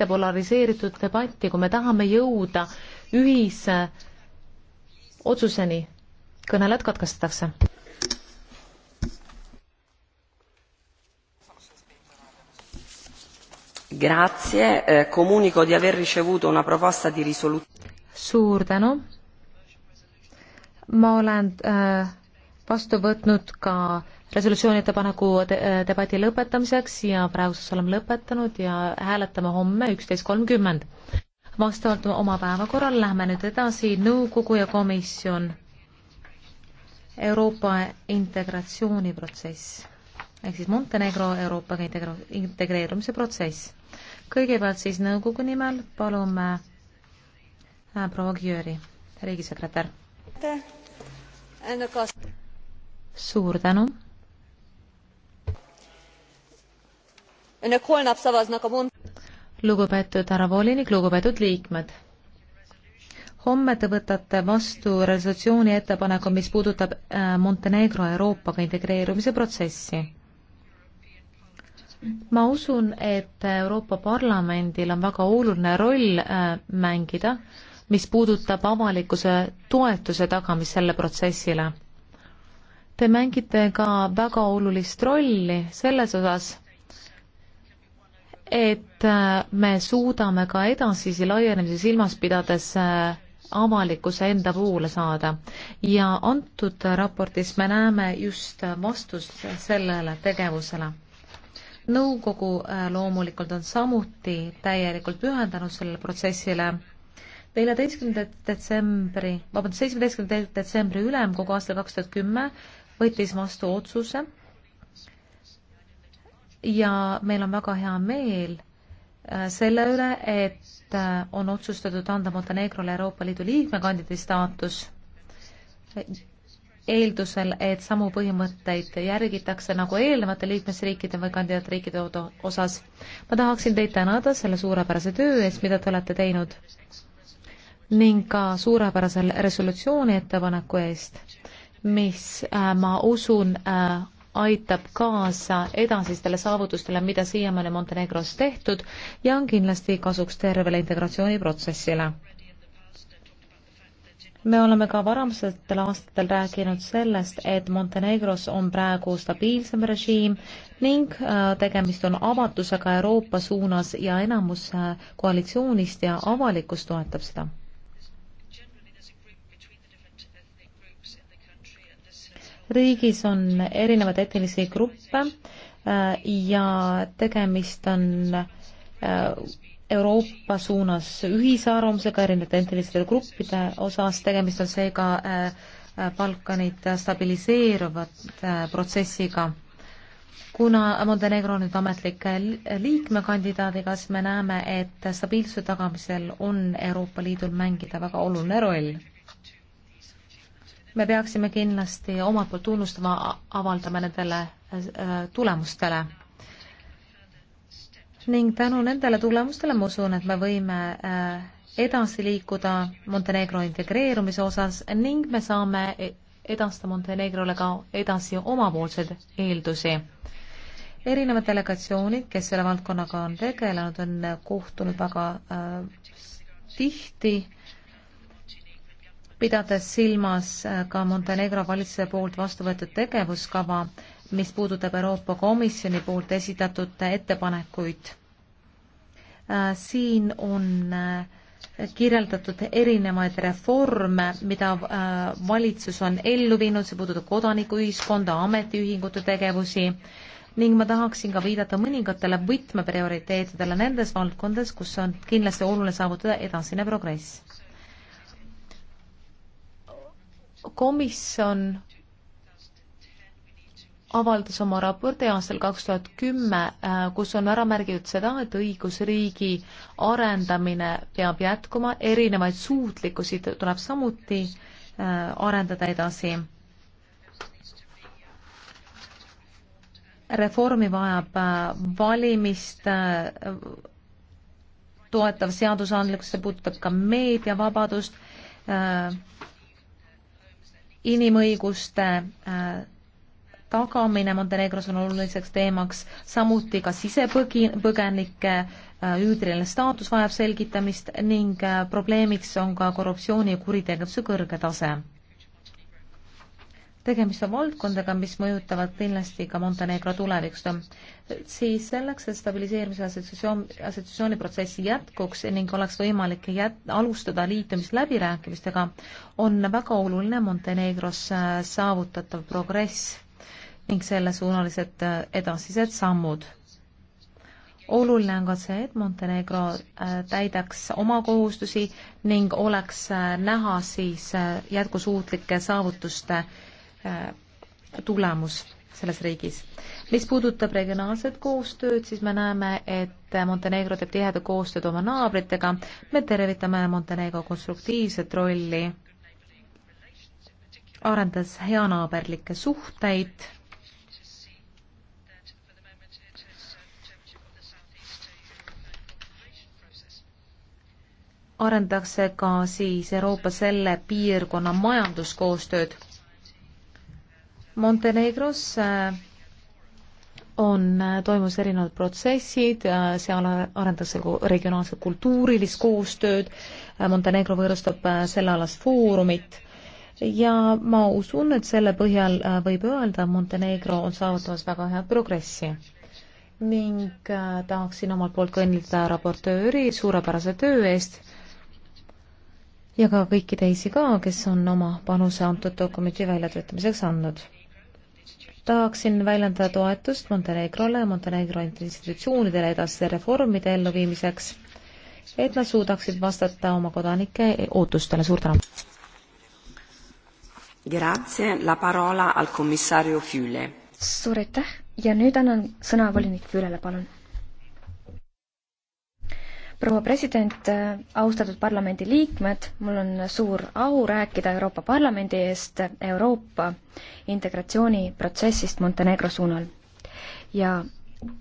mitte polariseeritud debatti, kui me tahame jõuda ühise otsuseni. kõneled katkestatakse. Grazie, eh, comunico di aver ricevuto una proposta di risoluzione. suur tänu. ma olen äh, vastu võtnud ka resolutsiooni ettepaneku debati lõpetamiseks ja praeguseks oleme lõpetanud ja hääletame homme üksteist kolmkümmend. vastavalt oma päevakorrale läheme nüüd edasi nõukogu ja komisjon. Euroopa integratsiooniprotsess ehk siis Montenegro Euroopaga integreerumise protsess. kõigepealt siis nõukogu nimel palume äh, proua Gjöri, riigisekretär suur tänu. lugupeetud härra volinik, lugupeetud liikmed homme te võtate vastu resolutsiooni ettepaneku, mis puudutab äh, Montenegro Euroopaga integreerumise protsessi. ma usun, et Euroopa Parlamendil on väga oluline roll äh, mängida, mis puudutab avalikkuse toetuse tagamist selle protsessile Te mängite ka väga olulist rolli selles osas, et me suudame ka edasisi laienemisi silmas pidades äh, avalikkuse enda poole saada ja antud raportis me näeme just vastust sellele tegevusele. nõukogu äh, loomulikult on samuti täielikult pühendanud sellele protsessile. neljateistkümnenda detsembri, vabandust, seitsmeteistkümnenda detsembri ülemkogu aastal kaks tuhat kümme võttis vastu otsuse ja meil on väga hea meel äh, selle üle, et äh, on otsustatud anda Montenegrole Euroopa Liidu liikmekandidaadi staatus eeldusel, et samu põhimõtteid järgitakse nagu eelnevate liikmesriikide või kandidaatriikide osas. ma tahaksin teid tänada selle suurepärase töö eest, mida te olete teinud ning ka suurepärasel resolutsiooni ettepaneku eest mis äh, ma usun äh, aitab kaasa edasistele saavutustele, mida siiamaani Montenegros tehtud ja on kindlasti kasuks tervele integratsiooniprotsessile. me oleme ka varasematel aastatel rääkinud sellest, et Montenegros on praegu stabiilsem režiim ning äh, tegemist on avatusega Euroopa suunas ja enamus äh, koalitsioonist ja avalikkus toetab seda riigis on erinevaid etnilisi gruppe äh, ja tegemist on äh, Euroopa suunas ühise arvamusega erinevate etniliste gruppide osas, tegemist on seega äh, Balkanit stabiliseeruvat protsessiga. kuna Montenegro on nüüd ametlik liikmekandidaadi, kas me näeme, et stabiilsuse tagamisel on Euroopa Liidul mängida väga oluline roll? me peaksime kindlasti omalt poolt tunnustama, avaldama nendele äh, tulemustele. ning tänu nendele tulemustele ma usun, et me võime äh, edasi liikuda Montenegro integreerumise osas ning me saame e-, edasta Montenegrole ka edasi omapoolseid eeldusi. erinevad delegatsioonid, kes selle valdkonnaga on tegelenud, on kohtunud väga äh, tihti äh, pidades silmas äh, ka Montenegro valitsuse poolt vastu võetud tegevuskava, mis puudutab Euroopa Komisjoni poolt esitatud ettepanekuid. Äh, siin on äh, kirjeldatud erinevaid reforme, mida valitsus on ellu viinud, see puudutab kodanikuühiskonda, ametiühingute tegevusi ning ma tahaksin ka viidata mõningatele võtmeprioriteetidele nendes valdkondades, kus on kindlasti oluline saavutada edasine progress komisjon avaldas oma raporti aastal kaks tuhat kümme, äh, kus on ära märgitud seda, et õigusriigi arendamine peab jätkuma, erinevaid suutlikkusi tuleb samuti äh, arendada edasi. reformi vajab äh, valimist toetav seadusandlikkus, see puudutab ka meediavabadust, inimõiguste äh, tagamine Montenegros on oluliseks teemaks, samuti ka sisepõgenike äh, üüriline staatus vajab selgitamist ning äh, probleemiks on ka korruptsiooni ja kuritegevuse kõrge tase tegemist on valdkondadega, mis mõjutavad kindlasti ka Montenegro tulevikust. siis selleks, et stabiliseerimise assotsiatsioon, assotsiatsiooniprotsessi jätkuks ning oleks võimalik jät-, alustada liitumisläbirääkimistega, on väga oluline Montenegros äh, saavutatav progress ning sellesuunalised äh, edasised sammud. oluline on ka see, et Montenegro äh, täidaks oma kohustusi ning oleks näha siis jätkusuutlike saavutuste Äh, tulemus selles riigis. mis puudutab regionaalset koostööd, siis me näeme, et Montenegro teeb tihedat koostööd oma naabritega. me tervitame Montenegro konstruktiivset rolli, arendades heanaaberlikke suhteid. arendakse ka siis Euroopa selle piirkonna majanduskoostööd Montenegros äh, on, äh, toimus erinevad protsessid, äh, seal arendatakse regionaalset kultuurilist koostööd, Montenegro võõrustab sellealast foorumit ja ma usun, et selle põhjal võib öelda, Montenegro on saavutamas väga head progressi. ning tahaksin omalt poolt ka õnnitleda raportööri suurepärase töö eest ja ka kõiki teisi ka, kes on oma panuse antud dokumendi väljatöötamiseks andnud tahaksin väljendada toetust Montenegrole ja Montenegro institutsioonidele edasiste reformide elluviimiseks, et nad suudaksid vastata oma kodanike ootustele. suur tänu! suur aitäh ja nüüd annan sõna volinik Füülele, palun proua president, äh, austatud parlamendi liikmed, mul on suur au rääkida Euroopa Parlamendi eest Euroopa integratsiooniprotsessist Montenegro suunal. ja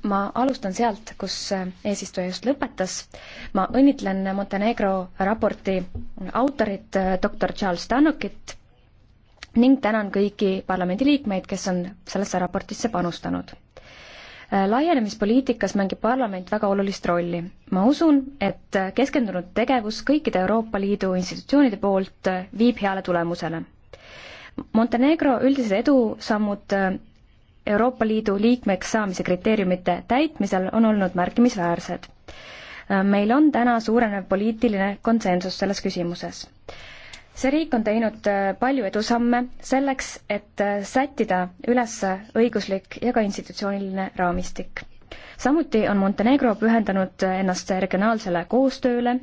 ma alustan sealt, kus äh, eesistuja just lõpetas. ma õnnitlen Montenegro raporti autorit, äh, doktor Charles Tanukit ning tänan kõiki parlamendiliikmeid, kes on sellesse raportisse panustanud laienemispoliitikas mängib parlament väga olulist rolli. ma usun, et keskendunud tegevus kõikide Euroopa Liidu institutsioonide poolt viib heale tulemusele. Montenegro üldised edusammud Euroopa Liidu liikmeks saamise kriteeriumite täitmisel on olnud märkimisväärsed. meil on täna suurenev poliitiline konsensus selles küsimuses see riik on teinud äh, palju edusamme selleks, et äh, sättida üles õiguslik ja ka institutsiooniline raamistik. samuti on Montenegro pühendanud äh, ennast regionaalsele koostööle,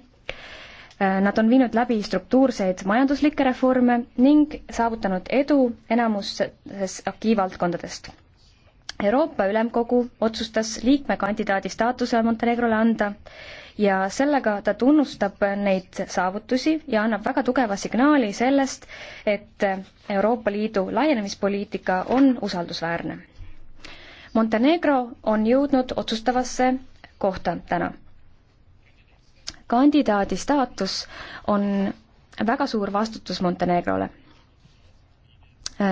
nad on viinud läbi struktuurseid majanduslikke reforme ning saavutanud edu enamuses AKI valdkondadest. Euroopa Ülemkogu otsustas liikmekandidaadi staatuse Montenegrole anda ja sellega ta tunnustab neid saavutusi ja annab väga tugeva signaali sellest, et Euroopa Liidu laienemispoliitika on usaldusväärne. Montenegro on jõudnud otsustavasse kohta täna. kandidaadi staatus on väga suur vastutus Montenegrole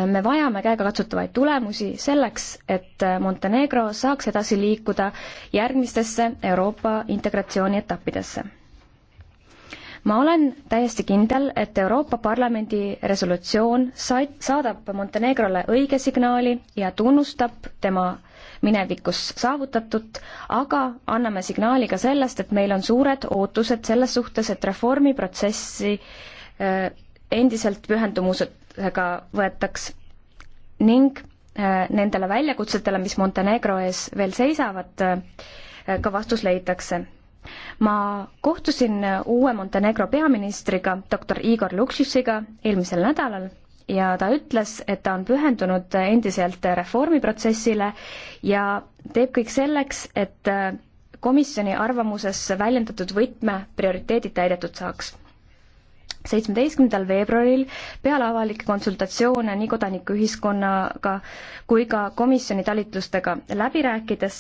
me vajame käegakatsutavaid tulemusi selleks, et Montenegro saaks edasi liikuda järgmistesse Euroopa integratsiooni etappidesse. ma olen täiesti kindel, et Euroopa Parlamendi resolutsioon said, saadab Montenegrole õige signaali ja tunnustab tema minevikus saavutatut, aga anname signaali ka sellest, et meil on suured ootused selles suhtes, et reformiprotsessi äh, endiselt pühendumused tõsisusega võetaks ning äh, nendele väljakutsetele, mis Montenegro ees veel seisavad, äh, ka vastus leitakse. ma kohtusin uue Montenegro peaministriga, doktor Igor Lukšišiga eelmisel nädalal ja ta ütles, et ta on pühendunud endiselt reformiprotsessile ja teeb kõik selleks, et äh, komisjoni arvamuses väljendatud võtme prioriteedid täidetud saaks seitsmeteistkümnendal veebruaril peale avalikke konsultatsioone nii kodanikuühiskonnaga kui ka komisjoni talitlustega läbi rääkides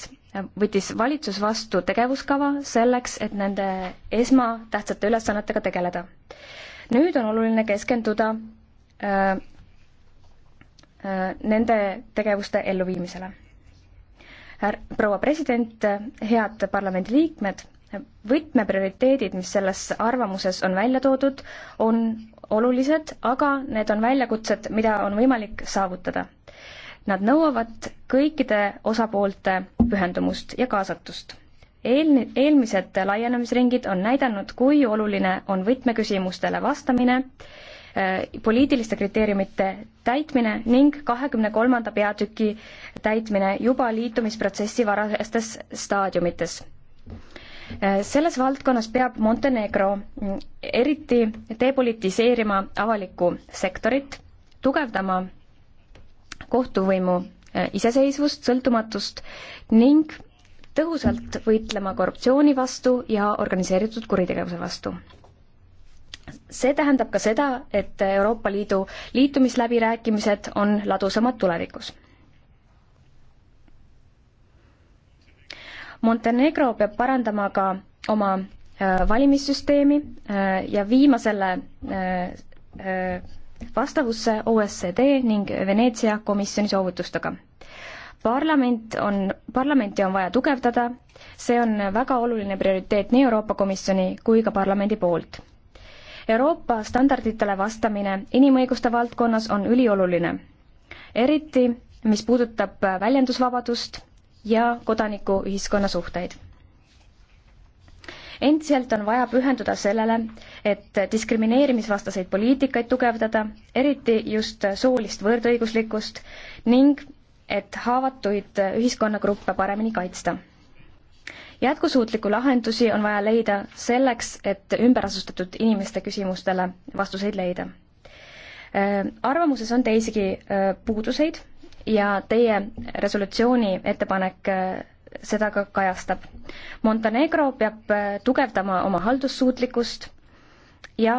võttis valitsus vastu tegevuskava selleks, et nende esmatähtsate ülesannetega tegeleda. nüüd on oluline keskenduda äh, äh, nende tegevuste elluviimisele. proua president, head parlamendiliikmed võtmeprioriteedid, mis selles arvamuses on välja toodud, on olulised, aga need on väljakutsed, mida on võimalik saavutada. Nad nõuavad kõikide osapoolte pühendumust ja kaasatust. Eel-, eelmised laienemisringid on näidanud, kui oluline on võtmeküsimustele vastamine, äh, poliitiliste kriteeriumite täitmine ning kahekümne kolmanda peatüki täitmine juba liitumisprotsessi varastes staadiumites Äh, selles valdkonnas peab Montenegro mm, eriti depolitiseerima avalikku sektorit, tugevdama kohtuvõimu äh, iseseisvust, sõltumatust ning tõhusalt võitlema korruptsiooni vastu ja organiseeritud kuritegevuse vastu. see tähendab ka seda, et Euroopa Liidu liitumisläbirääkimised on ladusamad tulevikus Montenegro peab parandama ka oma äh, valimissüsteemi äh, ja viima selle äh, vastavusse OSCD ning Veneetsia komisjoni soovitustega. parlament on, parlamenti on vaja tugevdada, see on väga oluline prioriteet nii Euroopa Komisjoni kui ka parlamendi poolt. Euroopa standarditele vastamine inimõiguste valdkonnas on ülioluline, eriti mis puudutab väljendusvabadust ja kodanikuühiskonna suhteid. endiselt on vaja pühenduda sellele, et diskrimineerimisvastaseid poliitikaid tugevdada, eriti just soolist võrdõiguslikkust ning et haavatuid ühiskonnagruppe paremini kaitsta. jätkusuutliku lahendusi on vaja leida selleks, et ümberasustatud inimeste küsimustele vastuseid leida. Äh, arvamuses on teisigi äh, puuduseid ja teie resolutsiooni ettepanek äh, seda ka kajastab. Montenegro peab äh, tugevdama oma haldussuutlikkust ja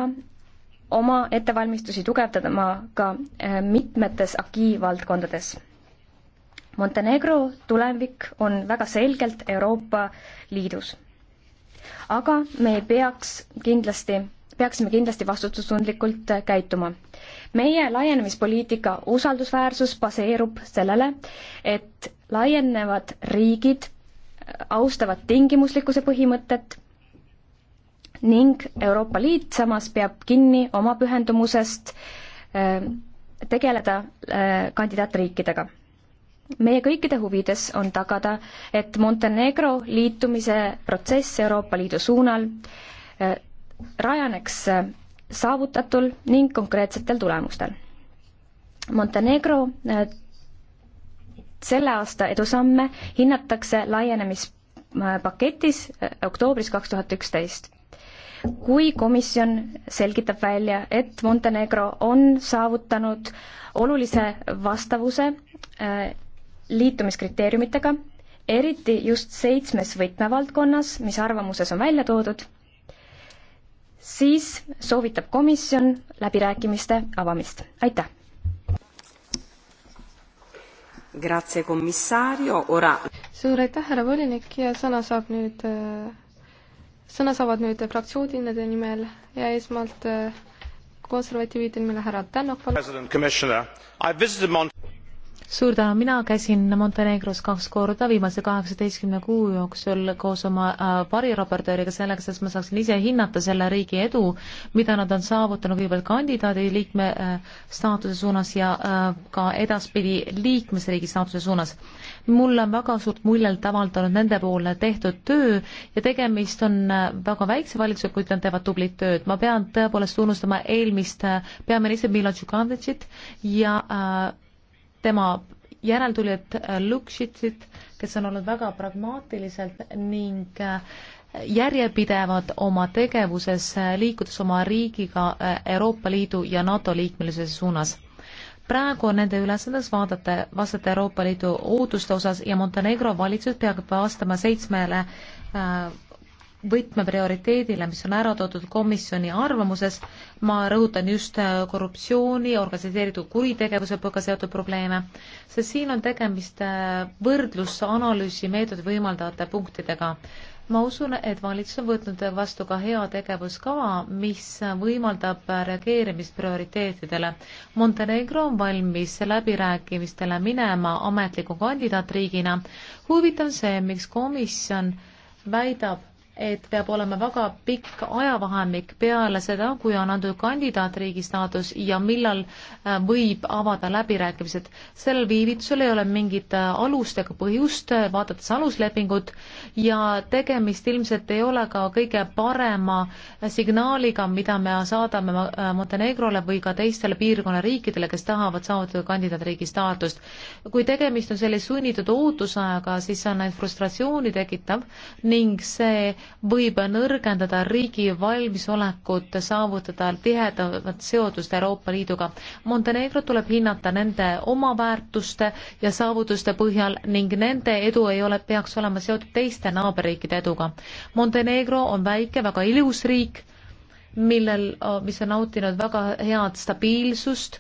oma ettevalmistusi tugevdama ka äh, mitmetes AKI valdkondades. Montenegro tulevik on väga selgelt Euroopa Liidus. aga me ei peaks kindlasti, peaksime kindlasti vastutustundlikult käituma meie laienemispoliitika usaldusväärsus baseerub sellele, et laienevad riigid äh, austavad tingimuslikkuse põhimõtet ning Euroopa Liit samas peab kinni oma pühendumusest äh, tegeleda äh, kandidaatriikidega. meie kõikide huvides on tagada, et Montenegro liitumise protsess Euroopa Liidu suunal rajaneks saavutatul ning konkreetsetel tulemustel. Montenegro äh, selle aasta edusamme hinnatakse laienemispaketis äh, oktoobris kaks tuhat üksteist. kui komisjon selgitab välja, et Montenegro on saavutanud olulise vastavuse äh, liitumiskriteeriumitega, eriti just seitsmes võtmevaldkonnas, mis arvamuses on välja toodud siis soovitab komisjon läbirääkimiste avamist. aitäh! suur aitäh, härra volinik ja sõna saab nüüd, sõna saavad nüüd fraktsioonide nimel ja esmalt konservatiivide nimel härra Tänak, palun suur tänu, mina käisin Montenegros kaks korda viimase kaheksateistkümne kuu jooksul koos oma äh, variraportööriga selleks, et ma saaksin ise hinnata selle riigi edu, mida nad on saavutanud kõigepealt kandidaadi liikme äh, staatuse suunas ja äh, ka edaspidi liikmesriigi staatuse suunas. mulle on väga suurt muljet avaldanud nendepoolne tehtud töö ja tegemist on väga väikse valitsusega, kuid nad teevad tublit tööd. ma pean tõepoolest tunnustama eelmist peaministrit Milo Djukanitsit ja äh, tema järeltulijad äh, Lukšitsid, kes on olnud väga pragmaatiliselt ning äh, järjepidevad oma tegevuses, äh, liikudes oma riigiga Euroopa Liidu ja NATO liikmelisuse suunas. praegu on nende ülesandes vaadata, vastata Euroopa Liidu ootuste osas ja Montenegro valitsus peab vastama seitsmele äh, võtmeprioriteedile, mis on ära toodud komisjoni arvamuses, ma rõhutan just äh, korruptsiooni, organiseeritud kuritegevusega seotud probleeme, sest siin on tegemist äh, võrdlusanalüüsi meetodit võimaldavate punktidega. ma usun, et valitsus on võtnud vastu ka hea tegevuskava, mis võimaldab äh, reageerimist prioriteetidele. Montenegro on valmis läbirääkimistele minema ametliku kandidaatriigina. huvitav see, miks komisjon väidab, et peab olema väga pikk ajavahemik peale seda, kui on antud kandidaatriigi staatus ja millal äh, võib avada läbirääkimised. sellel viivitusel ei ole mingit äh, alust ega põhjust, äh, vaadates aluslepingut, ja tegemist ilmselt ei ole ka kõige parema signaaliga, mida me saadame Montenegrole või ka teistele piirkonna riikidele, kes tahavad saavutada kandidaatriigi staatust. kui tegemist on sellise sunnitud ootusajaga, siis see on ainult frustratsiooni tekitav ning see võib nõrgendada riigi valmisolekut saavutada tihedamat seotust Euroopa Liiduga. Montenegro tuleb hinnata nende oma väärtuste ja saavutuste põhjal ning nende edu ei ole, peaks olema seotud teiste naaberriikide eduga. Montenegro on väike, väga ilus riik millel, mis on nautinud väga head stabiilsust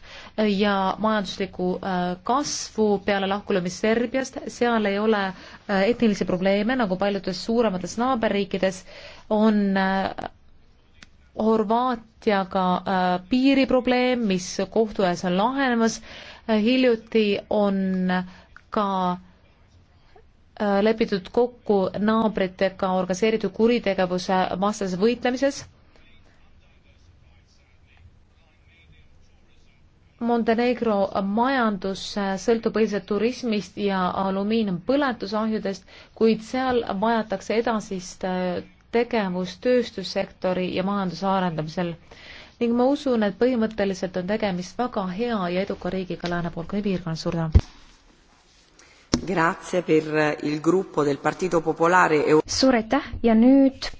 ja majanduslikku äh, kasvu peale lahkulõimist Serbiast, seal ei ole äh, etnilisi probleeme, nagu paljudes suuremates naaberriikides on äh, Horvaatiaga piiriprobleem, mis kohtu ees on lahenemas, hiljuti on ka lepitud kokku naabritega organiseeritud kuritegevuse vastases võitlemises Montenegro majandus sõltub põhiliselt turismist ja alumiiniumpõletusahjudest, kuid seal vajatakse edasist äh, tegevust tööstussektori ja majanduse arendamisel ning ma usun, et põhimõtteliselt on tegemist väga hea ja eduka riigiga Lääne-Balkani piirkonnas. suur tänu! Eh, suur aitäh ja nüüd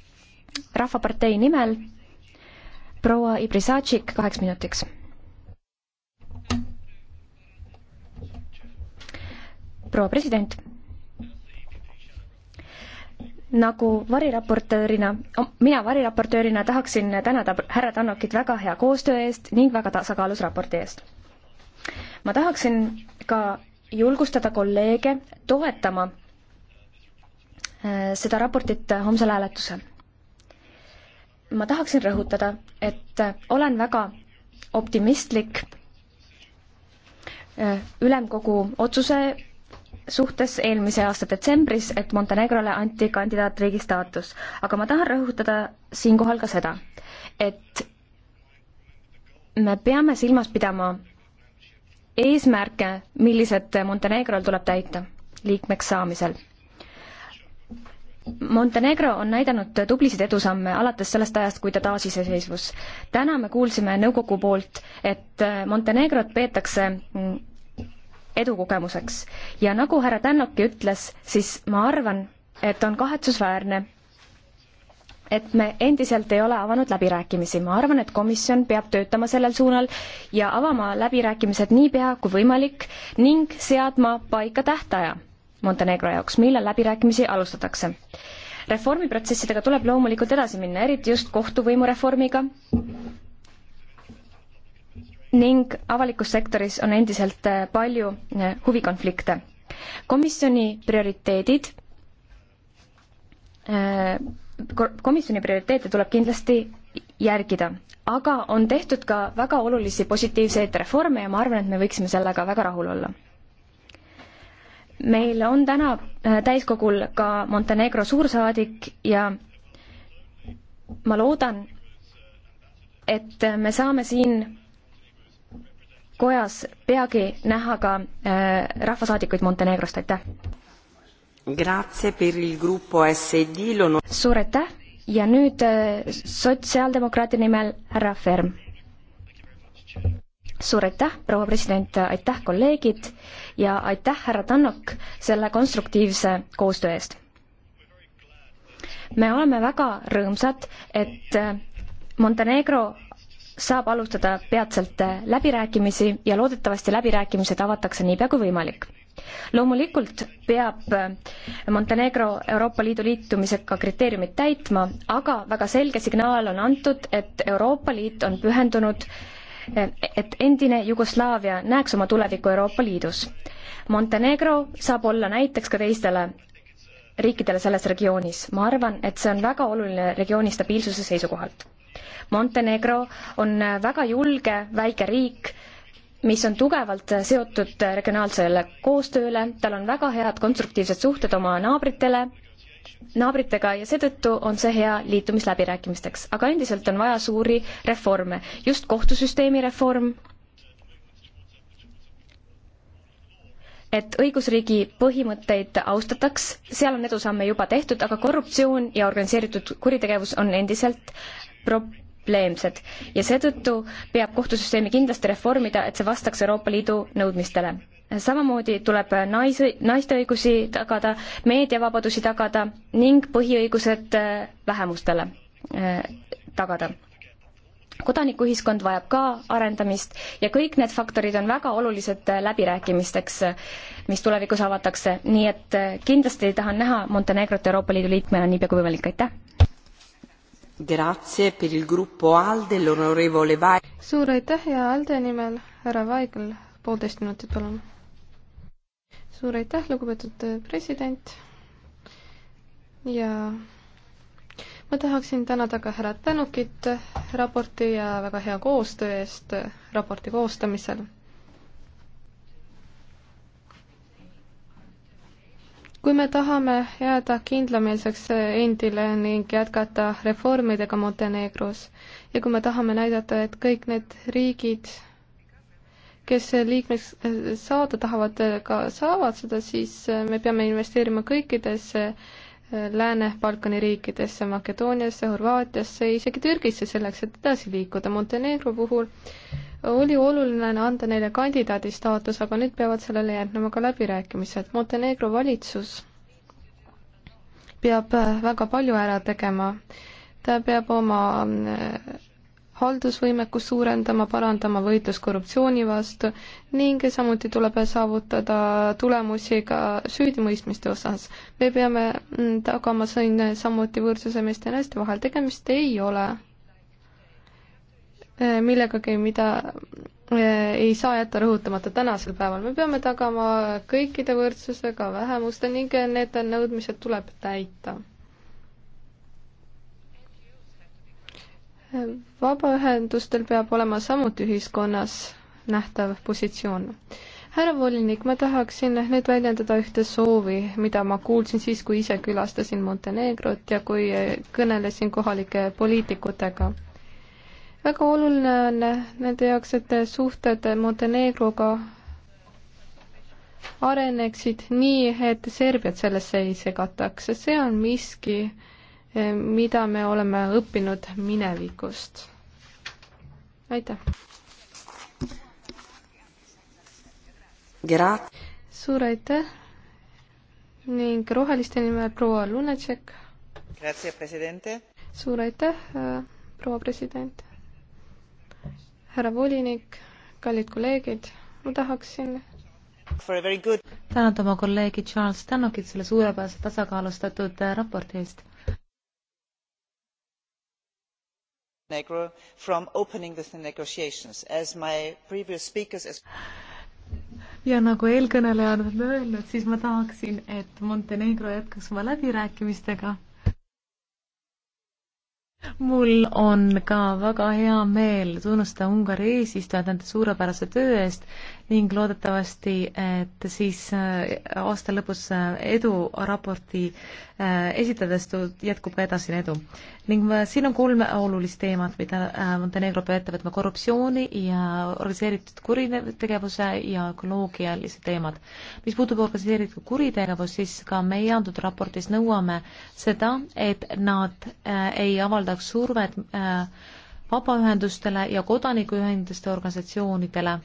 Rahvapartei nimel proua Ibrisatšik kaheks minutiks proua president nagu variraportöörina, mina variraportöörina tahaksin tänada härra Tannokit väga hea koostöö eest ning väga tasakaalus raporti eest. ma tahaksin ka julgustada kolleege toetama äh, seda raportit homsel hääletusel. ma tahaksin rõhutada, et olen väga optimistlik äh, ülemkogu otsuse suhtes eelmise aasta detsembris, et Montenegrole anti kandidaatriigi staatus. aga ma tahan rõhutada siinkohal ka seda, et me peame silmas pidama eesmärke, millised Montenegrol tuleb täita liikmeks saamisel. Montenegro on näidanud tublisid edusamme alates sellest ajast, kui ta taasiseseisvus. täna me kuulsime nõukogu poolt, et Montenegrot peetakse edukogemuseks. ja nagu härra Tännoki ütles, siis ma arvan, et on kahetsusväärne, et me endiselt ei ole avanud läbirääkimisi. ma arvan, et komisjon peab töötama sellel suunal ja avama läbirääkimised niipea kui võimalik ning seadma paika tähtaja Montenegro jaoks, millal läbirääkimisi alustatakse. reformiprotsessidega tuleb loomulikult edasi minna, eriti just kohtuvõimu reformiga ning avalikus sektoris on endiselt äh, palju äh, huvikonflikte. komisjoni prioriteedid, äh, komisjoni prioriteete tuleb kindlasti järgida, aga on tehtud ka väga olulisi positiivseid reforme ja ma arvan, et me võiksime sellega väga rahul olla meil on täna täiskogul ka Montenegro suursaadik ja ma loodan, et me saame siin kojas peagi näha ka äh, rahvasaadikuid Montenegrost, aitäh! suur aitäh ja nüüd äh, sotsiaaldemokraatide nimel härra Ferm. suur aitäh, proua president, aitäh, kolleegid ja aitäh, härra Tannok, selle konstruktiivse koostöö eest. me oleme väga rõõmsad, et äh, Montenegro saab alustada peatselt läbirääkimisi ja loodetavasti läbirääkimised avatakse niipea kui võimalik. loomulikult peab Montenegro Euroopa Liidu liitumisega kriteeriumid täitma, aga väga selge signaal on antud, et Euroopa Liit on pühendunud et endine Jugoslaavia näeks oma tulevikku Euroopa Liidus. Montenegro saab olla näiteks ka teistele riikidele selles regioonis. ma arvan, et see on väga oluline regiooni stabiilsuse seisukohalt Montenegro on väga julge väike riik, mis on tugevalt seotud regionaalsele koostööle, tal on väga head konstruktiivsed suhted oma naabritele, naabritega ja seetõttu on see hea liitumisläbirääkimisteks, aga endiselt on vaja suuri reforme, just kohtusüsteemi reform, et õigusriigi põhimõtteid austataks, seal on edusamme juba tehtud, aga korruptsioon ja organiseeritud kuritegevus on endiselt probleemsed ja seetõttu peab kohtusüsteemi kindlasti reformida, et see vastaks Euroopa Liidu nõudmistele. samamoodi tuleb nais, naiste õigusi tagada, meediavabadusi tagada ning põhiõigused äh, vähemustele äh, tagada kodanikuühiskond vajab ka arendamist ja kõik need faktorid on väga olulised äh, läbirääkimisteks, mis tulevikus avatakse, nii et kindlasti tahan näha Montenegrot Euroopa Liidu liikmena niipea kui võimalik, aitäh! suur aitäh ja ALDE nimel härra Vaigel, poolteist minutit, palun. suur aitäh, lugupeetud president ja ma tahaksin tänada ka härra Tänukit raporti ja väga hea koostöö eest raporti koostamisel kui me tahame jääda kindlameelseks endile ning jätkata reformidega Montenegros ja kui me tahame näidata, et kõik need riigid, kes liikmeks eh, saada tahavad, eh, ka saavad seda, siis eh, me peame investeerima kõikidesse Lääne-Balkani riikidesse, Makedooniasse, Horvaatiasse, isegi Türgisse, selleks, et edasi liikuda. Montenegro puhul oli oluline anda neile kandidaadi staatus, aga nüüd peavad sellele järgnema ka läbirääkimised. Montenegro valitsus peab äh, väga palju ära tegema. ta peab oma äh, haldusvõimekust suurendama, parandama võitlus korruptsiooni vastu ning samuti tuleb saavutada tulemusi ka süüdimõistmiste osas. me peame mm, tagama siin samuti võrdsuse meeste ja naiste vahel, tegemist ei ole Äh, millegagi, mida äh, ei saa jätta rõhutamata tänasel päeval. me peame tagama kõikide võrdsuse, ka vähemuste ning need nõudmised tuleb täita. Äh, vabaühendustel peab olema samuti ühiskonnas nähtav positsioon. härra volinik, ma tahaksin nüüd väljendada ühte soovi, mida ma kuulsin siis, kui ise külastasin Montenegrot ja kui kõnelesin kohalike poliitikutega väga oluline on nende jaoks, et suhted Montenegroga areneksid nii, et Serbiat sellesse ei segataks, sest see on miski, mida me oleme õppinud minevikust. aitäh! suur aitäh ning roheliste nimel proua Lunatšek. suur aitäh, proua president härra volinik, kallid kolleegid, ma tahaksin good... tänada oma kolleegi Charles Stanokit selle suurepärase tasakaalustatud äh, raporti eest. Montenegro from opening the negotiations as my previous speakers as ja nagu eelkõnelejad on öelnud, siis ma tahaksin, et Montenegro jätkaks oma läbirääkimistega mul on ka väga hea meel tunnustada Ungari eesistujat nende suurepärase töö eest ning loodetavasti, et siis äh, aasta lõpus äh, eduraporti äh, esitades jätkub ka edasine edu. ning siin on kolm olulist teemat, mida Montenegro peab ette võtma, korruptsiooni ja organiseeritud kuritegevuse ja ökoloogialised teemad. mis puutub organiseeritud kuritegevust, siis ka meie antud raportis nõuame seda, et nad ei avaldaks survet vabaühendustele ja kodanikuühenduste organisatsioonidele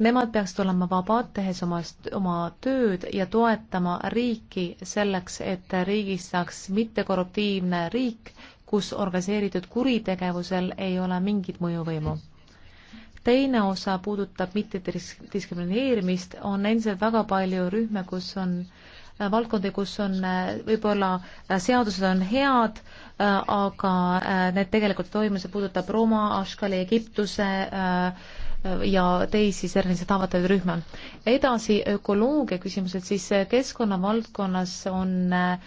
Nemad peaksid olema vabad, tehes oma, oma tööd ja toetama riiki selleks, et riigist saaks mittekorruptiivne riik, kus organiseeritud kuritegevusel ei ole mingit mõjuvõimu teine osa puudutab mittediskrimineerimist, on endiselt väga palju rühme, kus on valdkondi, kus on võib-olla seadused on head, aga äh, need tegelikult ei toimu, see puudutab Rooma, Ashkali, Egiptuse äh, ja teisi sellise tavatavaid rühma. edasi ökoloogia küsimused, siis äh, keskkonnavaldkonnas on äh,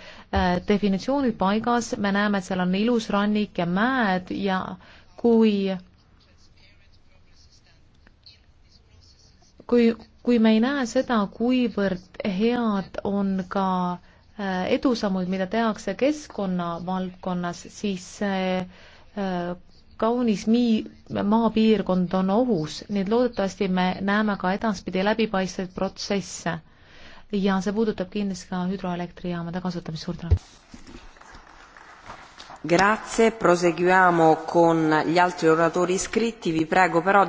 definitsioonid paigas, me näeme, et seal on ilus rannik ja mäed ja kui kui, kui me ei näe seda, kuivõrd head on ka äh, edusammud, mida tehakse keskkonna valdkonnas, siis see kaunis mii-, maapiirkond on ohus, nii et loodetavasti me näeme ka edaspidi läbipaistvaid protsesse. ja see puudutab kindlasti ka hüdroelektrijaamade kasutamist, suur tänu! Grazie, proseguiamo con gli altri oratori iscritti, vi prego però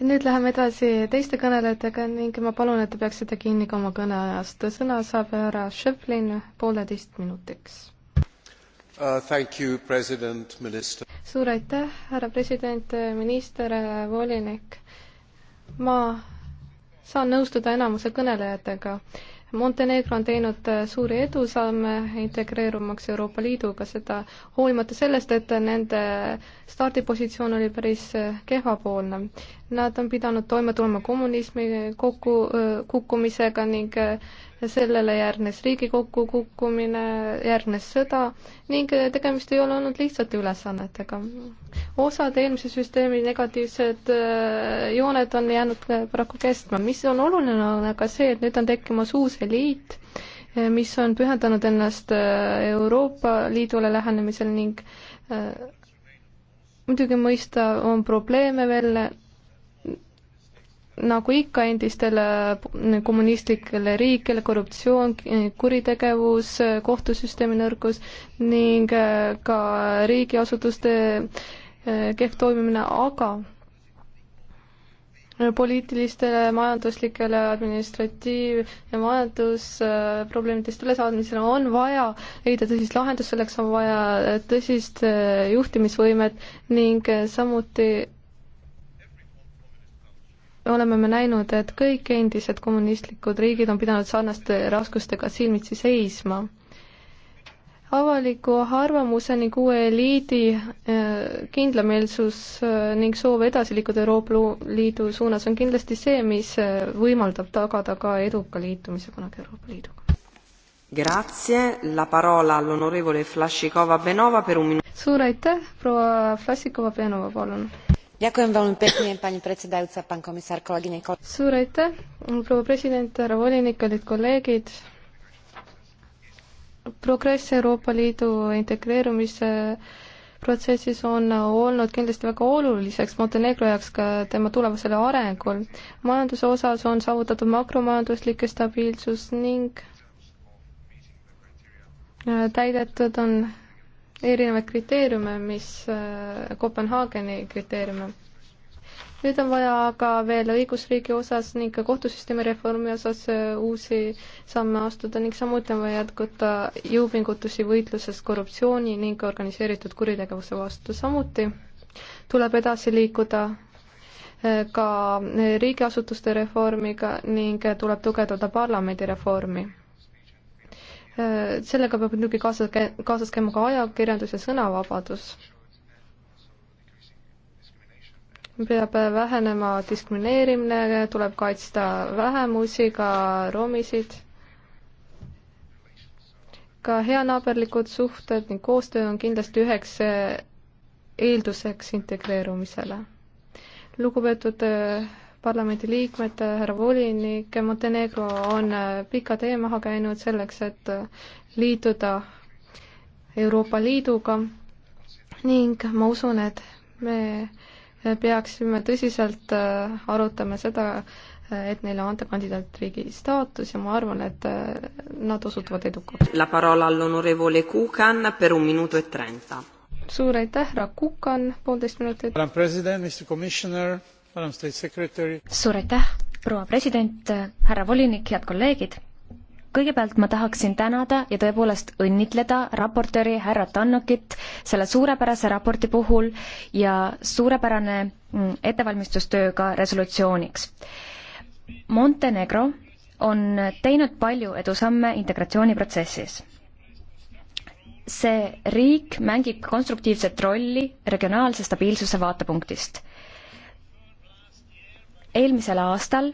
nüüd läheme edasi teiste kõnelejatega ning ma palun, et te peaksite kinni ka oma kõneajast. sõna saab härra Šeflin pooleteist minutiks uh,. Thank you, president, minister suur aitäh, härra president, minister, volinik. ma saan nõustuda enamuse kõnelejatega. Montenegro on teinud äh, suuri edusamme integreerumaks Euroopa Liiduga, seda hoolimata sellest, et nende stardipositsioon oli päris äh, kehvapoolne. Nad on pidanud toime tulema kommunismi kokku, kukkumisega ning sellele järgnes riigikokku kukkumine, järgnes sõda ning tegemist ei ole olnud lihtsate ülesannetega. osad eelmise süsteemi negatiivsed jooned on jäänud paraku kestma, mis on oluline, on aga see, et nüüd on tekkimas uus eliit, mis on pühendanud ennast Euroopa Liidule lähenemisel ning muidugi mõista on probleeme veel nagu ikka endistele kommunistlikele riikidele, korruptsioon, kuritegevus, kohtusüsteemi nõrkus ning äh, ka riigiasutuste äh, kehv toimimine, aga poliitilistele, majanduslikele, administratiiv- ja majandusprobleemidest ülesaadmisele on vaja leida tõsist lahendust, selleks on vaja äh, tõsist juhtimisvõimet ning samuti oleme me näinud, et kõik endised kommunistlikud riigid on pidanud sarnaste raskustega silmitsi seisma. avaliku arvamuse ning uue eliidi äh, kindlameelsus äh, ning soov edasi liikuda Euroopa Liidu suunas on kindlasti see, mis äh, võimaldab tagada ka eduka liitumise kunagi Euroopa Liiduga. Grazie, la parola all'onorevole Flašikova-Benova per un minu-. suur aitäh, proua Flašikova-Benova, palun suur aitäh, proua president, härra volinik, kallid kolleegid. progress Euroopa Liidu integreerumise protsessis on olnud kindlasti väga oluliseks Montenegro jaoks ka tema tulevasele arengul. majanduse osas on saavutatud makromajanduslik stabiilsus ning äh, täidetud on erinevaid kriteeriume, mis äh, Kopenhaageni kriteeriume. nüüd on vaja aga veel õigusriigi osas ning ka kohtusüsteemi reformi osas äh, uusi samme astuda ning samuti on vaja jätkata jõupingutusi võitluses korruptsiooni ning organiseeritud kuritegevuse vastu. samuti tuleb edasi liikuda äh, ka riigiasutuste reformiga ning tuleb tugevdada parlamendi reformi Äh, sellega peab muidugi kaasas, kaasas käima ka ajakirjandus ja sõnavabadus. peab vähenema diskrimineerimine, tuleb kaitsta vähemusi, ka romisid. ka heanaaberlikud suhted ning koostöö on kindlasti üheks äh, eelduseks integreerumisele. lugupeetud äh, parlamendi liikmed, härra volinik, Montenegro on äh, pika tee maha käinud selleks, et äh, liituda Euroopa Liiduga ning ma usun, et me äh, peaksime tõsiselt arutama seda, et neile anda kandidaatriigi staatus ja ma arvan, et nad osutuvad edukaks. La parola all'onorevole Kukan per un minuto e trenta. suur aitäh, härra Kukan, poolteist minutit. Madam president, Mr Commissioner suur aitäh, proua president, härra volinik, head kolleegid. kõigepealt ma tahaksin tänada ja tõepoolest õnnitleda raportööri härra Tannokit selle suurepärase raporti puhul ja suurepärane mm, ettevalmistustöö ka resolutsiooniks. Montenegro on teinud palju edusamme integratsiooniprotsessis see riik mängib konstruktiivset rolli regionaalse stabiilsuse vaatepunktist eelmisel aastal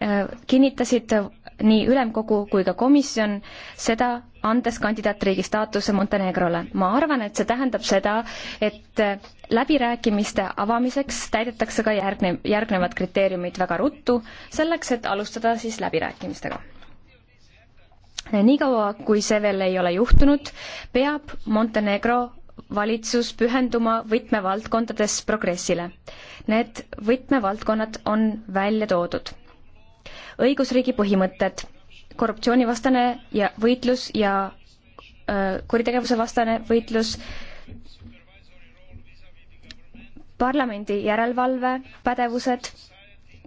äh, kinnitasid äh, nii ülemkogu kui ka komisjon seda, andes kandidaatriigi staatuse Montenegrole. ma arvan, et see tähendab seda, et äh, läbirääkimiste avamiseks täidetakse ka järgne, järgnevad kriteeriumid väga ruttu, selleks et alustada siis läbirääkimistega. niikaua, kui see veel ei ole juhtunud, peab Montenegro valitsus pühenduma võtmevaldkondades progressile. Need võtmevaldkonnad on välja toodud. õigusriigi põhimõtted, korruptsioonivastane ja võitlus ja öö, kuritegevuse vastane võitlus, parlamendi järelevalve pädevused,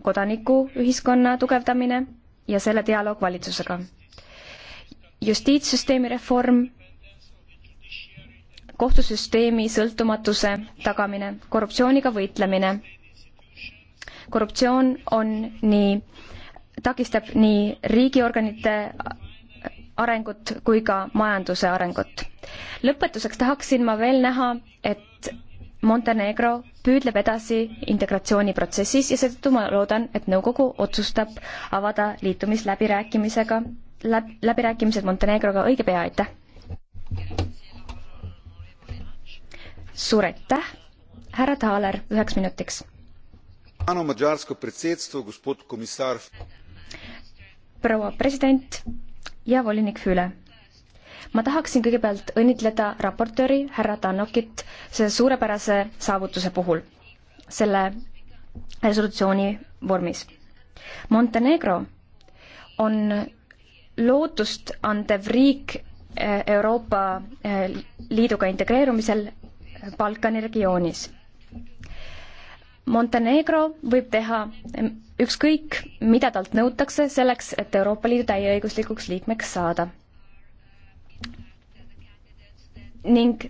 kodanikuühiskonna tugevdamine ja selle dialoog valitsusega. justiitssüsteemi reform kohtusüsteemi sõltumatuse tagamine, korruptsiooniga võitlemine. korruptsioon on nii, takistab nii riigiorganite arengut kui ka majanduse arengut. lõpetuseks tahaksin ma veel näha, et Montenegro püüdleb edasi integratsiooniprotsessis ja seetõttu ma loodan, et nõukogu otsustab avada liitumisläbirääkimisega, läbirääkimised Montenegroga õige pea, aitäh! suur aitäh, härra Taaler, üheks minutiks. proua president ja volinik Füle ma tahaksin kõigepealt õnnitleda raportööri härra Tannokit selle suurepärase saavutuse puhul selle resolutsiooni vormis. Montenegro on lootust andev riik eh, Euroopa eh, Liiduga integreerumisel Balkani regioonis. Montenegro võib teha ükskõik, mida talt nõutakse selleks, et Euroopa Liidu täieõiguslikuks liikmeks saada. ning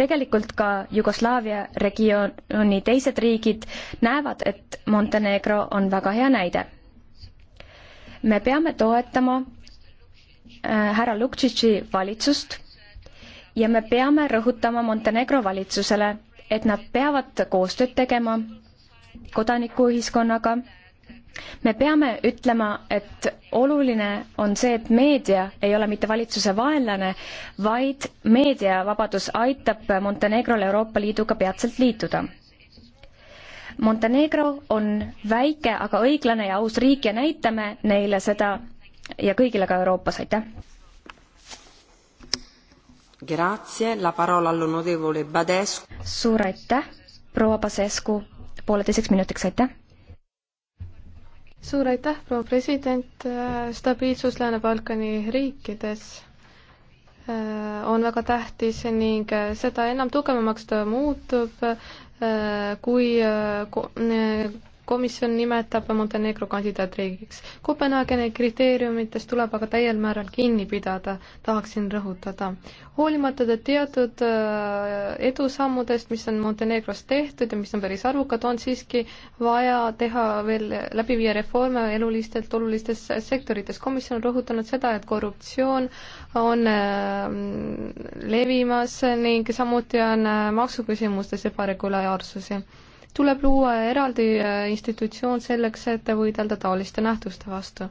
tegelikult ka Jugoslaavia regiooni teised riigid näevad, et Montenegro on väga hea näide. me peame toetama äh, härra Luksitši valitsust ja me peame rõhutama Montenegro valitsusele, et nad peavad koostööd tegema kodanikuühiskonnaga. me peame ütlema, et oluline on see, et meedia ei ole mitte valitsuse vaenlane, vaid meediavabadus aitab Montenegrol Euroopa Liiduga peatselt liituda Montenegro on väike, aga õiglane ja aus riik ja näitame neile seda ja kõigile ka Euroopas, aitäh! suur aitäh, proua Pasescu, pooleteiseks minutiks, aitäh! suur aitäh, proua president, stabiilsus Lääne-Balkani riikides äh, on väga tähtis ning äh, seda enam tugevamaks ta muutub, äh, kui komisjon nimetab Montenegro kandidaatriigiks. Kopenhaageni kriteeriumitest tuleb aga täiel määral kinni pidada, tahaksin rõhutada. hoolimata teatud äh, edusammudest, mis on Montenegros tehtud ja mis on päris arvukad, on siiski vaja teha veel, läbi viia reforme elulistelt olulistes sektorites. komisjon on rõhutanud seda, et korruptsioon on äh, levimas ning samuti on äh, maksuküsimustes ebaregulaarsusi tuleb luua eraldi äh, institutsioon selleks, et võidelda taoliste nähtuste vastu.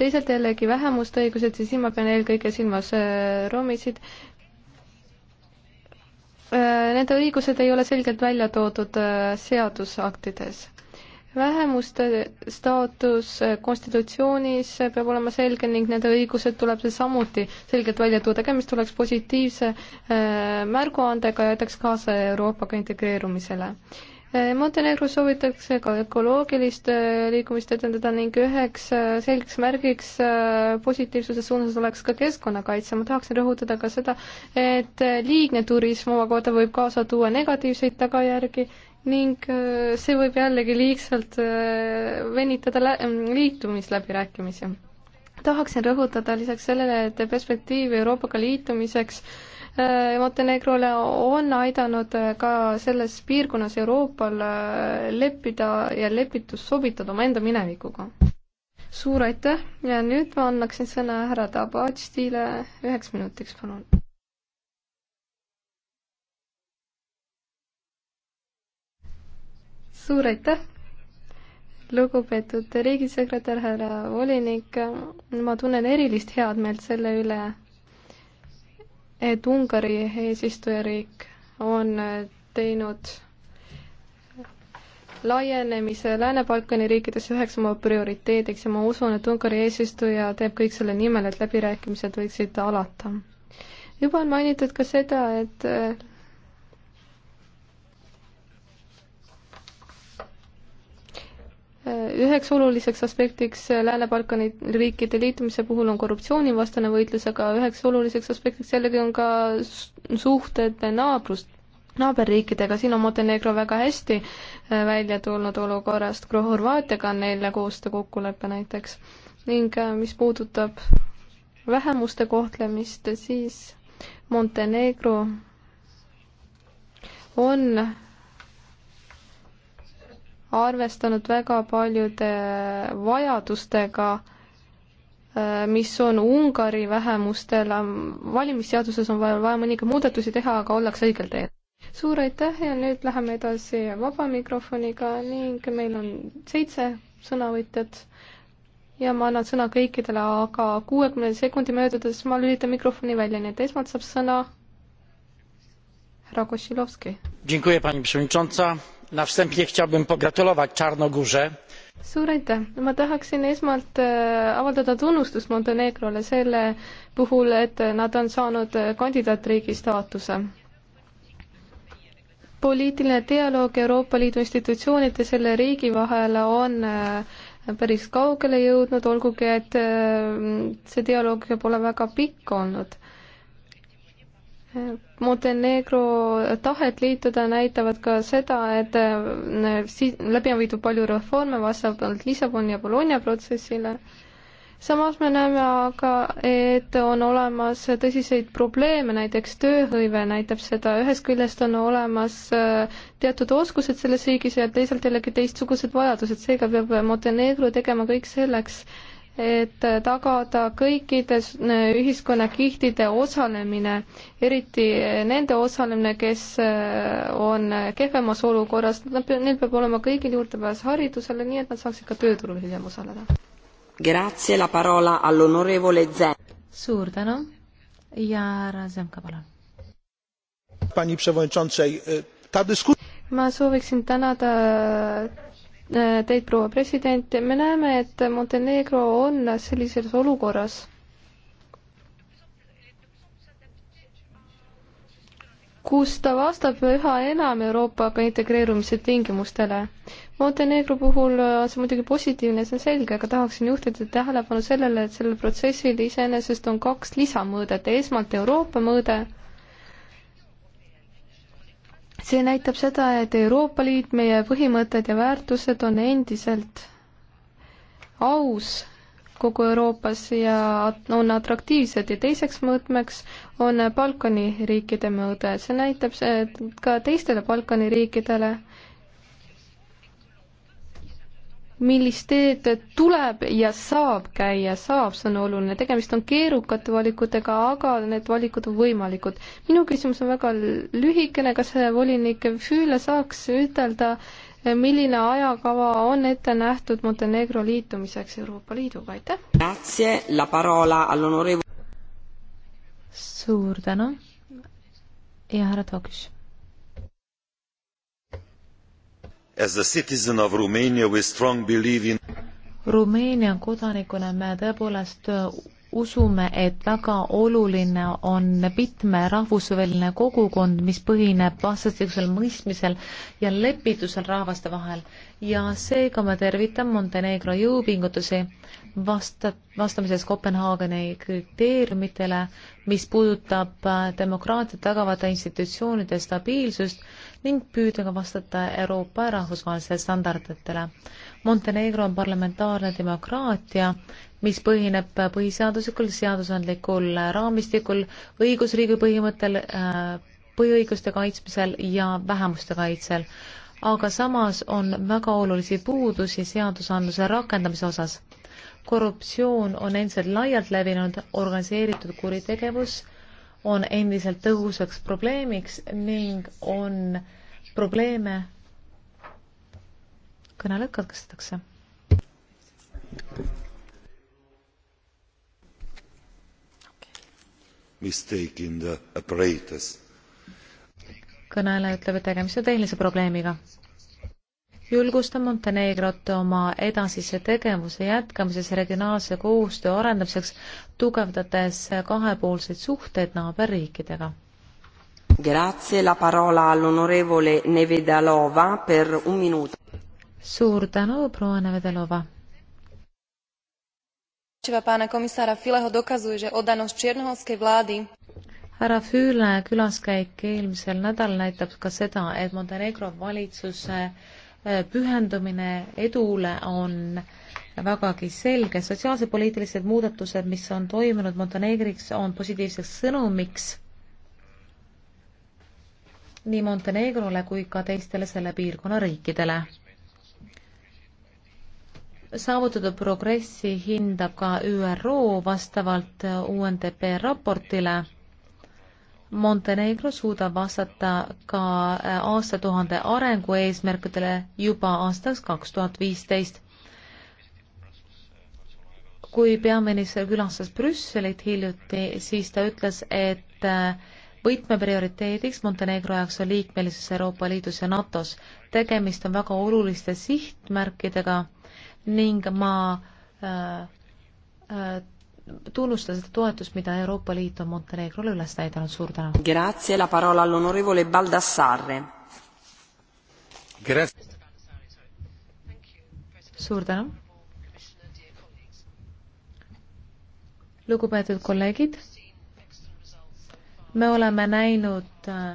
teisalt jällegi vähemuste õigused, siis siin ma pean eelkõige silmas äh, romisid. Äh, nende õigused ei ole selgelt välja toodud seadusaktides. vähemuste staatus konstitutsioonis peab olema selge ning nende õigused tuleb samuti selgelt välja tuua, tegemist oleks positiivse märguandega ja aitaks kaasa Euroopaga integreerumisele Eh, Montenegros soovitakse ka ökoloogilist eh, liikumist edendada ning üheks eh, selgeks märgiks positiivsuse suunas oleks ka keskkonnakaitse. ma tahaksin rõhutada ka seda, et liigne turism omakorda võib kaasa tuua negatiivseid tagajärgi ning see võib jällegi liigselt venitada lä mm, liitumisläbirääkimisi. tahaksin rõhutada lisaks sellele, et perspektiiv Euroopaga liitumiseks äh, Äh, Montenegrole on aidanud äh, ka selles piirkonnas Euroopal äh, leppida ja lepitust sobitada omaenda minevikuga. suur aitäh ja nüüd ma annaksin sõna härra Tabatstile üheks minutiks, palun. suur aitäh lugupeetud riigisekretär, härra volinik, ma tunnen erilist headmeelt selle üle, et Ungari eesistujariik on teinud laienemise Lääne-Balkani riikides üheks oma prioriteediks ja ma usun, et Ungari eesistuja teeb kõik selle nimel, et läbirääkimised võiksid alata. juba on mainitud ka seda, et üheks oluliseks aspektiks Lääne-Balkani riikide liitumise puhul on korruptsioonivastane võitlus, aga üheks oluliseks aspektiks jällegi on ka suhted naabrust, naaberriikidega, siin on Montenegro väga hästi äh, välja tulnud olukorrast, Horvaatiaga on neil koostöökokkulepe näiteks. ning äh, mis puudutab vähemuste kohtlemist, siis Montenegro on arvestanud väga paljude vajadustega, äh, mis on Ungari vähemustel, valimisseaduses on vaja, vaja mõningaid muudatusi teha, aga ollakse õigel teel. suur aitäh ja nüüd läheme edasi vaba mikrofoniga ning meil on seitse sõnavõtjat ja ma annan sõna kõikidele, aga kuuekümne sekundi möödudes ma lülitan mikrofoni välja, nii et esmalt saab sõna härra Košilovski na wstępie chciałbym pogratulować Czarnogórze suur aitäh, ma tahaksin esmalt äh, avaldada tunnustust Montenegrole selle puhul, et nad on saanud kandidaatriigi staatuse. poliitiline dialoog Euroopa Liidu institutsioonide selle riigi vahel on äh, päris kaugele jõudnud, olgugi et äh, see dialoog pole väga pikk olnud Montenegro tahet liituda näitavad ka seda, et äh, läbi on viidud palju reforme vastavalt Lissaboni ja Bologna protsessile. samas me näeme aga, et on olemas tõsiseid probleeme, näiteks tööhõive näitab seda, ühest küljest on olemas äh, teatud oskused selles riigis ja teisalt jällegi teistsugused vajadused, seega peab Montenegro tegema kõik selleks, et tagada kõikide ühiskonnakihtide osalemine, eriti nende osalemine, kes äh, on kehvemas olukorras, neil peab olema kõigil juurdepääs haridusele, nii et nad saaksid ka tööturul hiljem osaleda. suur tänu ja härra Zemka, palun. ma sooviksin tänada teid, proua president, me näeme, et Montenegro on sellises olukorras, kus ta vastab üha enam Euroopaga integreerumise tingimustele. Montenegro puhul on see muidugi positiivne, see on selge, aga tahaksin juhtida tähelepanu sellele, et sellel protsessil iseenesest on kaks lisamõõdet, esmalt Euroopa mõõde see näitab seda, et Euroopa Liit, meie põhimõtted ja väärtused on endiselt aus kogu Euroopas ja on atraktiivsed ja teiseks mõõtmeks on Balkani riikide mõõde. see näitab see ka teistele Balkani riikidele, millist teed tuleb ja saab käia, saab, see on oluline, tegemist on keerukate valikutega, aga need valikud on võimalikud. minu küsimus on väga lühikene, kas volinik Füüle saaks ütelda, milline ajakava on ette nähtud Montenegro liitumiseks Euroopa Liiduga, aitäh! suur tänu ja härra Toks As a citizen of Romania, we strong believe in Rumeenia kodanikuna me tõepoolest äh, usume, et väga oluline on mitmerahvusvaheline kogukond, mis põhineb vastastikusel mõistmisel ja lepitusel rahvaste vahel ja seega ma tervitan Montenegro jõupingutusi vasta, vastamises Kopenhaageni kriteeriumitele, mis puudutab äh, demokraatiat tagavate institutsioonide stabiilsust ning püüdega vastata Euroopa ja rahvusvahelistele standarditele. Montenegro on parlamentaarne demokraatia, mis põhineb põhiseaduslikul, seadusandlikul raamistikul, õigusriigi põhimõttel, äh, põhiõiguste kaitsmisel ja vähemuste kaitsel. aga samas on väga olulisi puudusi seadusandluse rakendamise osas korruptsioon on endiselt laialt levinud, organiseeritud kuritegevus on endiselt tõhusaks probleemiks ning on probleeme kõnele katkestatakse. kõneleja ütleb, et tegemist on tehnilise probleemiga julgusta Montenegrot oma edasise tegevuse jätkamises regionaalse koostöö arendamiseks, tugevdades kahepoolseid suhteid naaberriikidega. Grazie, la parola all'onorevole Nevedalova per un minuto. suur tänu, proua Nevedalova návšteva pána komisára Fileho dokazuje, že oddanosť čiernohorskej vlády härra Füüle külaskäik eelmisel nädalal näitab ka seda, et Montenegro valitsuse Äh, pühendumine edule on vägagi selge. sotsiaalse-poliitilised muudatused, mis on toimunud Montenegriks, on positiivseks sõnumiks nii Montenegrole kui ka teistele selle piirkonna riikidele. saavutatud progressi hindab ka ÜRO vastavalt UNDP raportile Montenegro suudab vastata ka äh, aastatuhande arengueesmärkidele juba aastaks kaks tuhat viisteist. kui peaminister külastas Brüsselit hiljuti, siis ta ütles, et äh, võtmeprioriteediks Montenegro jaoks on liikmelisus Euroopa Liidus ja NATO-s. tegemist on väga oluliste sihtmärkidega ning ma äh, äh, tunnustada seda toetust, mida Euroopa Liit on Montenegrole üles näidanud, suur tänu. Grazie, la parola all onorevole Baldassarre. suur tänu. lugupeetud kolleegid, me oleme näinud äh,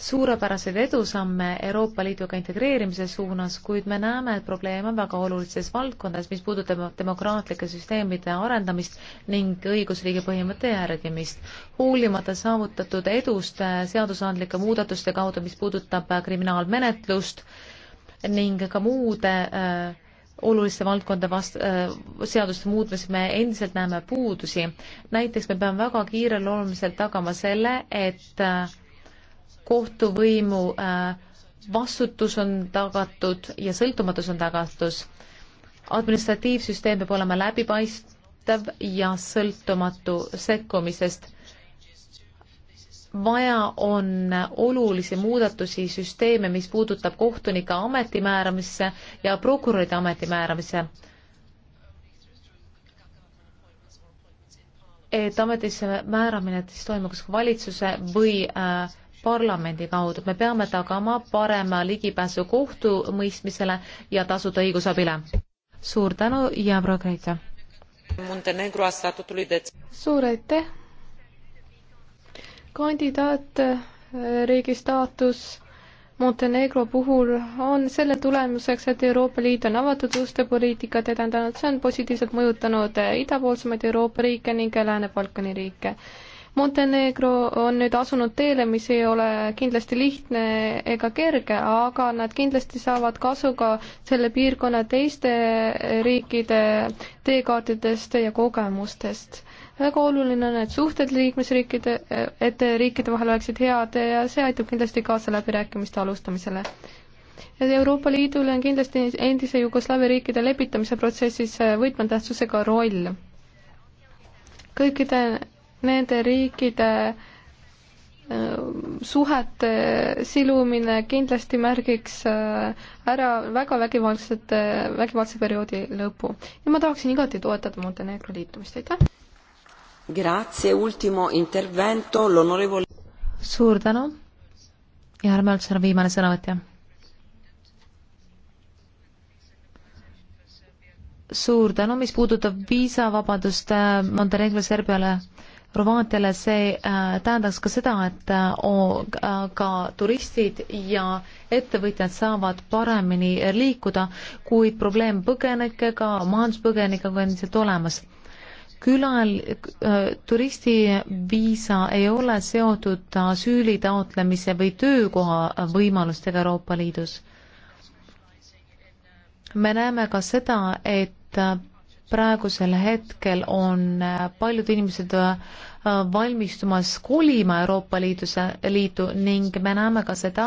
suurepäraseid edusamme Euroopa Liiduga integreerimise suunas, kuid me näeme, et probleem on väga olulises valdkondades, mis puudutab demokraatlike süsteemide arendamist ning õigusriigi põhimõtte järgimist. hoolimata saavutatud edust seadusandlike muudatuste kaudu, mis puudutab kriminaalmenetlust ning ka muude äh, oluliste valdkonda vast- äh,, seaduste muutmises me endiselt näeme puudusi. näiteks me peame väga kiireloomuliselt tagama selle, et äh, kohtuvõimu äh, vastutus on tagatud ja sõltumatus on tagatud. administratiivsüsteem peab olema läbipaistev ja sõltumatu sekkumisest. vaja on olulisi muudatusi süsteeme, mis puudutab kohtunike ametimääramisse ja prokuröride ametimääramisse et ametisse määramine siis toimuks valitsuse või äh, parlamendi kaudu. me peame tagama parema ligipääsu kohtumõistmisele ja tasuta õigusabile. suur tänu ja progreetsa! suur aitäh! kandidaatriigi äh, staatus Montenegro puhul on selle tulemuseks, et Euroopa Liit on avatud uste poliitikat edendanud, see on positiivselt mõjutanud äh, idapoolsemaid Euroopa riike ning Lääne-Balkani riike Montenegro on nüüd asunud teele, mis ei ole kindlasti lihtne ega kerge, aga nad kindlasti saavad kasu ka selle piirkonna teiste riikide teekaartidest ja kogemustest. väga oluline on, et suhted liikmesriikide, et riikide vahel oleksid head ja see aitab kindlasti kaasa läbirääkimiste alustamisele et Euroopa Liidul on kindlasti endise Jugoslaavia riikide lepitamise protsessis võtmetähtsusega roll. kõikide nende riikide äh, suhete silumine kindlasti märgiks äh, ära väga vägivaldsete, vägivaldse perioodi lõpu. ja ma tahaksin igati toetada Montenegro liitumist, aitäh! Grazie, ultimo intervento, l'onorevole suur tänu ja härra Möltser on viimane sõnavõtja. suur tänu, mis puudutab viisavabadust äh, Montenegro Serbiale äh, Romaatiale see äh, tähendaks ka seda, et äh, äh, ka turistid ja ettevõtjad saavad paremini liikuda, kuid probleem põgenikega, majanduspõgenikega on ilmselt olemas. külal, turistiviisa ei ole seotud asüüli taotlemise või töökoha võimalustega Euroopa Liidus. me näeme ka seda, et praegusel hetkel on äh, paljud inimesed äh, valmistumas kolima Euroopa Liiduse, Liitu ning me näeme ka seda,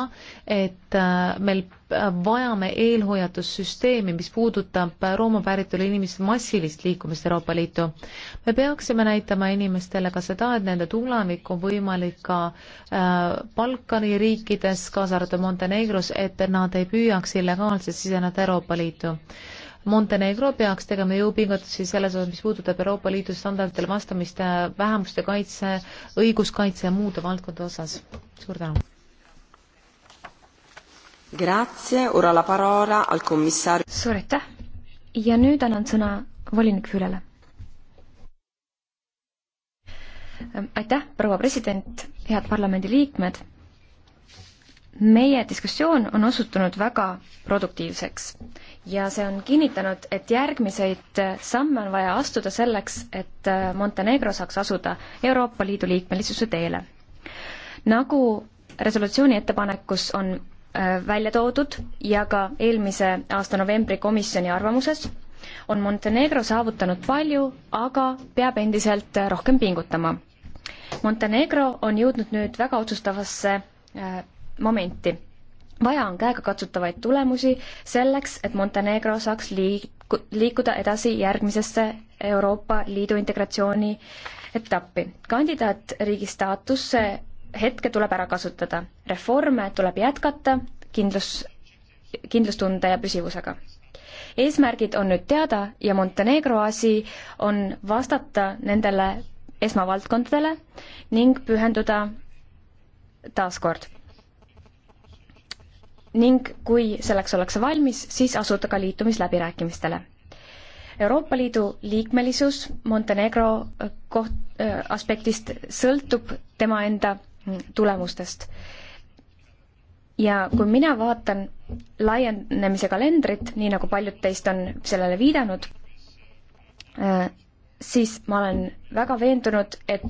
et äh, meil vajame eelhoiatussüsteemi, mis puudutab Rooma päritolu inimeste massilist liikumist Euroopa Liitu. me peaksime näitama inimestele ka seda, et nende tulevik on võimalik ka Balkani riikides, kaasa arvatud Montenegros, et nad ei püüaks illegaalselt siseneda Euroopa Liitu Montenegro peaks tegema jõupingutusi selles osas, mis puudutab Euroopa Liidu standarditele vastamist äh, vähemuste kaitse, õiguskaitse ja muude valdkondade osas. suur tänu. suur aitäh ja nüüd annan sõna volinik Füülele. Äh, aitäh, proua president, head parlamendiliikmed meie diskussioon on osutunud väga produktiivseks ja see on kinnitanud, et järgmiseid samme on vaja astuda selleks, et Montenegro saaks asuda Euroopa Liidu liikmelisuse teele. nagu resolutsiooni ettepanekus on äh, välja toodud ja ka eelmise aasta novembri komisjoni arvamuses, on Montenegro saavutanud palju, aga peab endiselt rohkem pingutama. Montenegro on jõudnud nüüd väga otsustavasse äh, momenti. vaja on käegakatsutavaid tulemusi selleks, et Montenegro saaks liiku-, liikuda edasi järgmisesse Euroopa Liidu integratsiooni etappi. kandidaatriigi staatus hetke tuleb ära kasutada. reforme tuleb jätkata kindlus, kindlustunde ja püsivusega. eesmärgid on nüüd teada ja Montenegro asi on vastata nendele esmavaldkondadele ning pühenduda taaskord ning kui selleks ollakse valmis, siis asuda ka liitumisläbirääkimistele. Euroopa Liidu liikmelisus Montenegro äh, koht, äh, aspektist sõltub tema enda mm, tulemustest. ja kui mina vaatan laienemise kalendrit, nii nagu paljud teist on sellele viidanud, äh, siis ma olen väga veendunud, et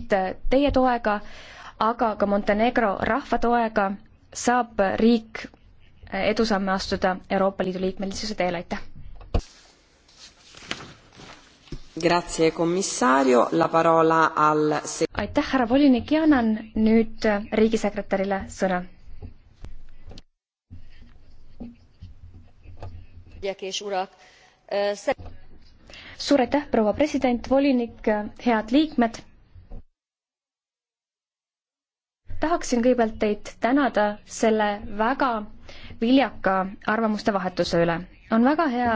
teie toega, aga ka Montenegro rahva toega saab riik edusamme astuda Euroopa Liidu liikmelisuse teel, aitäh! Grazie, commissario. La parola al... aitäh, härra volinik ja annan nüüd riigisekretärile sõna. suur aitäh, proua president, volinik, head liikmed. tahaksin kõigepealt teid tänada selle väga viljaka arvamuste vahetuse üle. on väga hea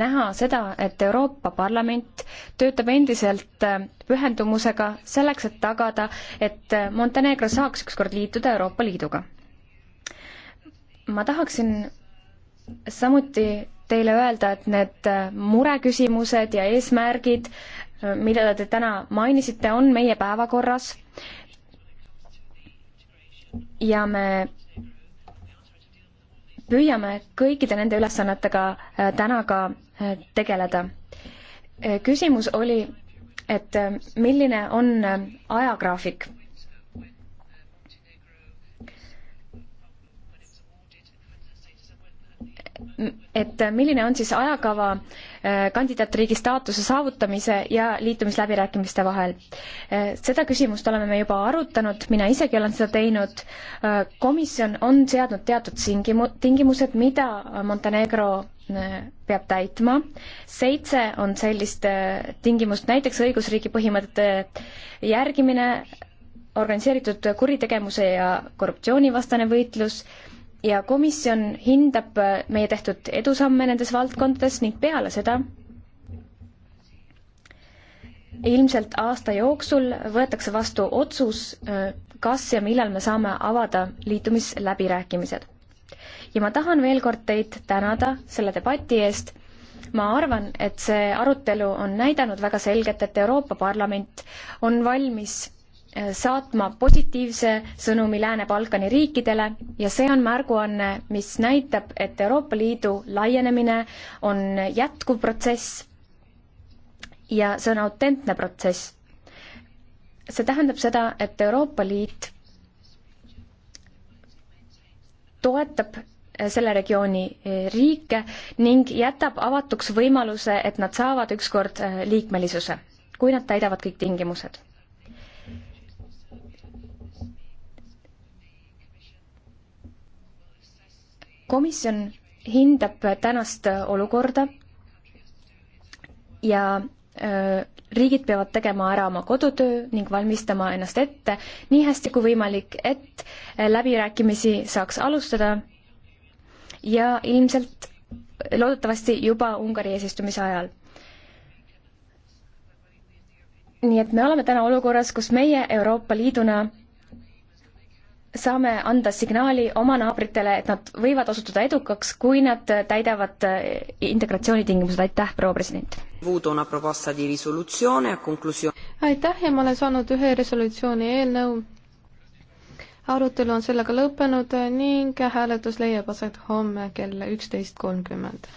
näha seda, et Euroopa Parlament töötab endiselt äh, pühendumusega selleks, et tagada, et äh, Montenegro saaks ükskord liituda Euroopa Liiduga. ma tahaksin samuti teile öelda, et need äh, mureküsimused ja eesmärgid, mida te täna mainisite, on meie päevakorras ja me püüame kõikide nende ülesannetega äh, täna ka äh, tegeleda. Äh, küsimus oli, et milline on ajagraafik et milline on siis ajakava Äh, kandidaatriigi staatuse saavutamise ja liitumisläbirääkimiste vahel. Äh, seda küsimust oleme me juba arutanud, mina isegi olen seda teinud. Äh, komisjon on seadnud teatud tingimused, mida Montenegro peab täitma. seitse on sellist tingimust, näiteks õigusriigi põhimõtete järgimine, organiseeritud kuritegevuse ja korruptsioonivastane võitlus ja komisjon hindab äh, meie tehtud edusamme nendes valdkondades ning peale seda ilmselt aasta jooksul võetakse vastu otsus, äh, kas ja millal me saame avada liitumisläbirääkimised. ja ma tahan veel kord teid tänada selle debati eest. ma arvan, et see arutelu on näidanud väga selgelt, et Euroopa Parlament on valmis saatma positiivse sõnumi Lääne-Balkani riikidele ja see on märguanne, mis näitab, et Euroopa Liidu laienemine on jätkuv protsess ja see on autentne protsess. see tähendab seda, et Euroopa Liit toetab äh, selle regiooni äh, riike ning jätab avatuks võimaluse, et nad saavad ükskord äh, liikmelisuse, kui nad täidavad kõik tingimused komisjon hindab tänast olukorda ja riigid peavad tegema ära oma kodutöö ning valmistama ennast ette nii hästi kui võimalik, et äh, läbirääkimisi saaks alustada ja ilmselt äh, loodetavasti juba Ungari eesistumise ajal. nii et me oleme täna olukorras, kus meie Euroopa Liiduna saame anda signaali oma naabritele, et nad võivad osutuda edukaks, kui nad täidavad äh, integratsioonitingimused, aitäh, proua president! aitäh ja ma olen saanud ühe resolutsiooni eelnõu. arutelu on sellega lõppenud ning hääletus leiab aset homme kell üksteist kolmkümmend.